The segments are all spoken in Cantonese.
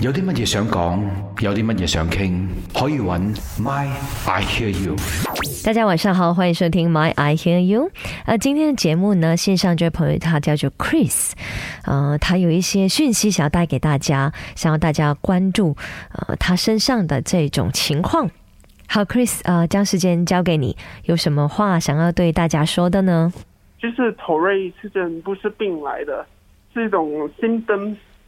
有啲乜嘢想講，有啲乜嘢想傾，可以搵 My I Hear You。大家晚上好，歡迎收聽 My I Hear You。呃、今天的節目呢，線上這位朋友他叫做 Chris，呃、他有一些訊息想要帶給大家，想要大家關注，呃、他身上的這種情況。好，Chris，啊、呃，將時間交給你，有什麼話想要對大家說的呢？就是 Tourette syndrome 不是病來的，是一種 symptom。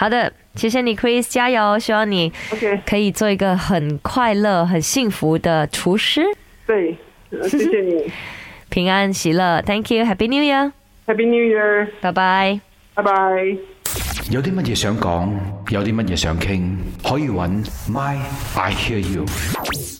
好的，謝謝你，Chris，加油！希望你可以做一個很快樂、很幸福的廚師。對，謝謝你， 平安喜樂，Thank you，Happy New Year，Happy New Year，拜拜，拜拜。有啲乜嘢想講，有啲乜嘢想傾，可以搵 MY I Hear U。